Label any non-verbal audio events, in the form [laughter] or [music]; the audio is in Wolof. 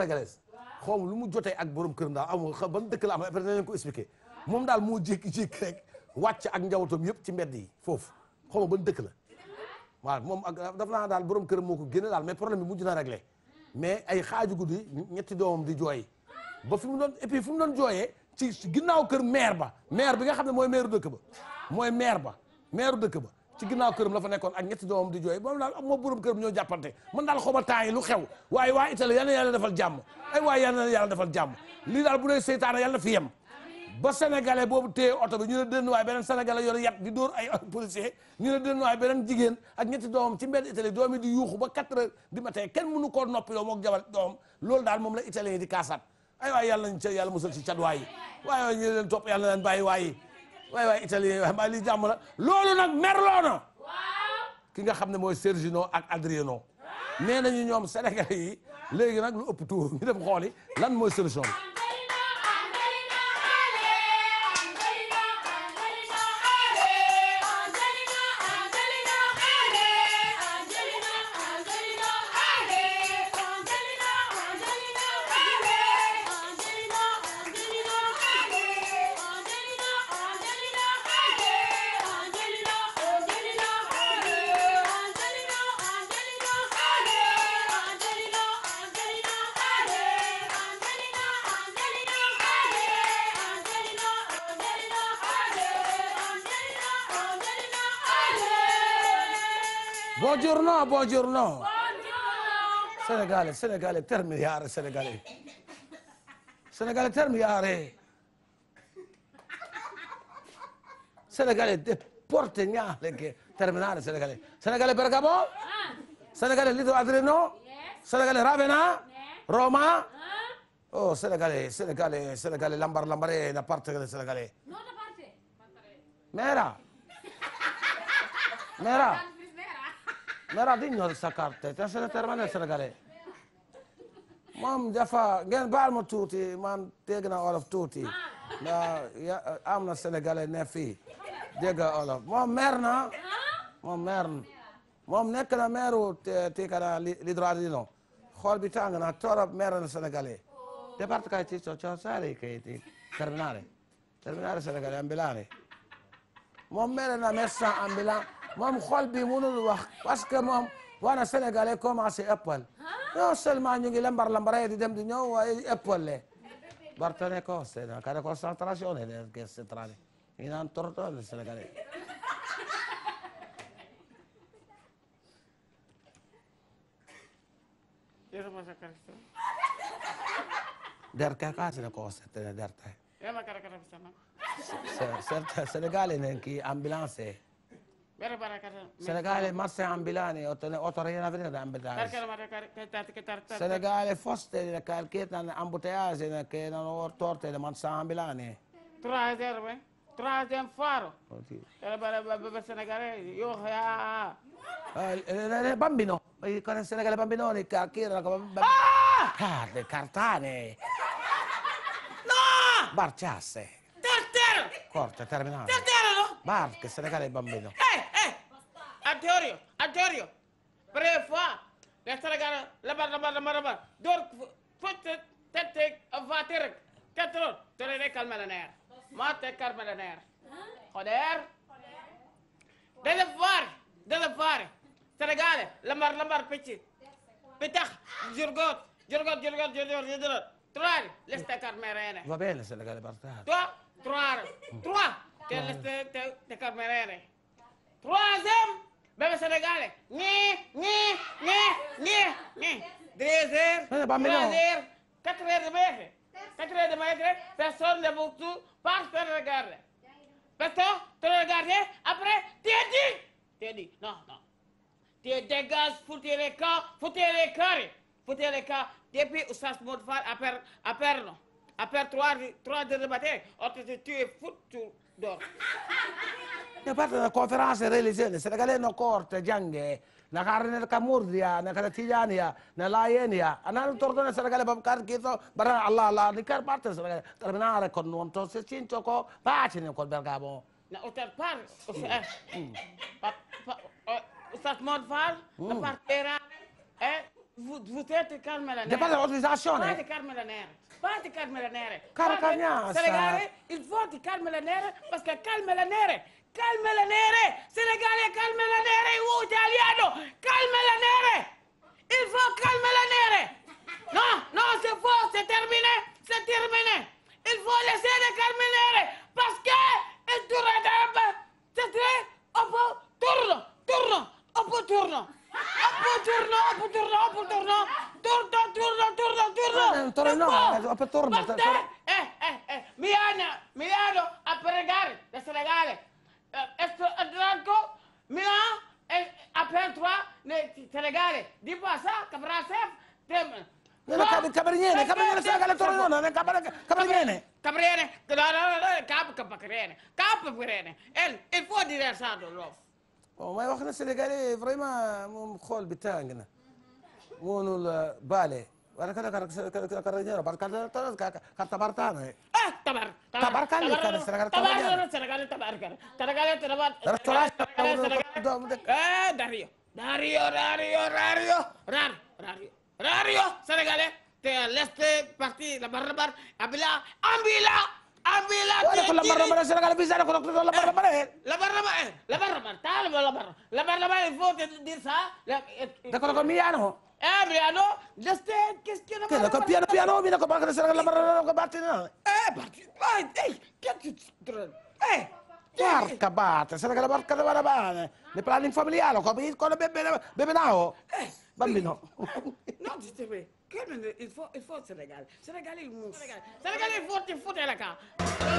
sénégalaise xaw ma lu mu jotee ak borom këram daal amul ban dëkk la am après danañ ko expliqué moom daal moo jékki-jékki rek wàcc ak njabootam yëpp ci mbedd yi foofu xaw ma ban dëkk la waaw moom ak dafa naa daal borom këram moo ko génne daal mais problème bi mujj na réglé mais ay xaaju guddi ñetti doomam di jooy ba fi mu doon et mu doon jooyee ci ginnaaw kër maire ba meer bi nga xam ne mooy maire dëkk ba mooy maire ba maire dëkk ba ci ginnaaw këram la fa nekkoon ak ñetti doomam di jooy moom daal moo borom këram ñoo jàppante man daal xoma temps yi lu xew waaye waa Italie yal na yàlla defal oto bi ñu ne dënn waay beneen sénégalais yore yat di dóor ay [laughs] policier ñu ci mbedd Italie doom yi di yuuxu ba 4 heures du matin kenn koo noppi yow mook jabal doomam loolu daal moom la italien yi di kaasaat ay waay yàlla nañ ca yàlla musal ci cat waay waaye ñu leen topp yàlla nañ bàyyi waay waaye waaye italien waay mbaa lii jàmm la loolu nag merloo na ki nga xam ne mooy Sergino ak Adriano nee nañu ñoom Sénégal yi léegi nag lu ëpp tuur ñu dem lan mooy solution Buongiorno, buongiorno. Sénégalais, sénégalais, terme yaare sénégalais. Sénégalais, terme yaare. Sénégalais, de porte ñaale ke terminale Ravenna. Roma. Ah. Oh, sénégalais, sénégalais, lambar lambare da parte sénégalais. Non Mera. Mera. Meradinho di sa carte te secrétaire moom dafa ngeen baal ma tuuti man dégg olof tuuti nda am na sénégalais ne fii dégg olof moom mer na moom mer na moom nekk na meeru tikana l'hydradino xool bi tàng na torop mer na sénégalais départe kay terminale terminale sénégalais ambilane moom mer na médecin ambulant moom xol bi munul wax parce que moom wana sénégalais commencé ëppal non seulement ñu ngi lambar lambar di dem di ñëw waaye ëppal le bartane ko c'est ka de concentration ne leen ke centrale ñu naan torto le sénégalais derte ka sene ko settene derte sénégalais ne ki ambulance beɗe mbaɗa kata sénégal e marché ambilani otone oto rénavirede embouteillage sénégal e fostede kalkitnan embouteillage ne kenan or tortede marché ambilani trois heures ɓe troisiéme foiro ene mbaɗa ɓe sénégalais yo aa ene bambino kono sénégal e bambino ni kakirana ko ah! carde cartane no barciasse tertero corte terminale tertero no barche sénégal e bambino eh teoriyo a teoriyo pré fois le Sénégal labar labar labar labar door fotte tette vater katron tore de kalmala ner ma te kalmala ner xoder dele var dele var Sénégal lambar lambar picc pitax jurgot jurgot jurgot jurgot jurgot trois leste karmerene va bene Sénégal barta toi trois trois te leste te karmerene troisième bébé sénégalais ñii ñii ñii ñii ñii deux heures trois heures quatre heures de maïs quatre heures de maïs rek personne ne vous tout passe te regarde parce que te regarde après tu es dit tu non non tu dégages foutez les camps foutez les carrés foutez les camps depuis per à per non après trois trois heures de matin on te tue foot tu dors. [laughs] ne partenaire conférence religieuse les sénégalais no korte jànge na karne ka murdiya na ka tijaniya na layeniya anan tordone sénégalais bam kar kito bara allah allah ni kar parte sénégalais terminare kon non to se cinto ko paatine kon berga bon na otar mm. par ustaz mod far na mm. par terra vous vous êtes carmela nere. Depende dell'organizzazione. Fate carmela nere. Fate carmela nere. Cara cagnazza. Senegale, il voto carmela nere, perché carmela nere. Carmela nere. Senegale carmela nere, u italiano. Carmela nere. Il faut carmela nere. Non, non, c'est faux, Il faut laisser les carmela nere, parce que Abul torna. Torna, torna, torna, torna. Torna, no, eh, torna. Eh, eh, eh. Milano, Milano a pregare le Senegale. Eh, Est Adranco, Milano e eh, après trois le Senegale. Di passa, Cabrasef, tem. No, Cabrignane, Cabrignane Senegale torna, non Cabrignane. Cabrignane, Cap Cabrignane. Cap Cabrignane. El, il faut dire ça de l'offre. Oh, ma wax na Sénégalais vraiment moom xool bi tàng na wonul baale wala kada kada ñara bar kada taras ka ka tabar tana ah tabar tabar kan le kada seragar tabar tabar seragar tabar kan kada kada tabar restaurant eh dario dario dario dario rar dario dario senegale te leste parti la barra bar abila ambila ambila te la barra bar senegale bizarre ko la barra bar la barra bar la barra bar tal la barra la barra bar il faut te dire ça d'accord comme il y a non Eh Briano, deste questiona ma. Che piano piano mi da banca da sera la barra da batte no. Eh, parti. Vai, ehi, che ti Eh, porca batte, sarà che la barca da barabane. Ne parla in familiare, capisco la bebe bebe nao. Oh. Eh, bambino. No, ditemi. Che il fo il fo Senegal. Senegal il mus. Senegal il forte forte la ca.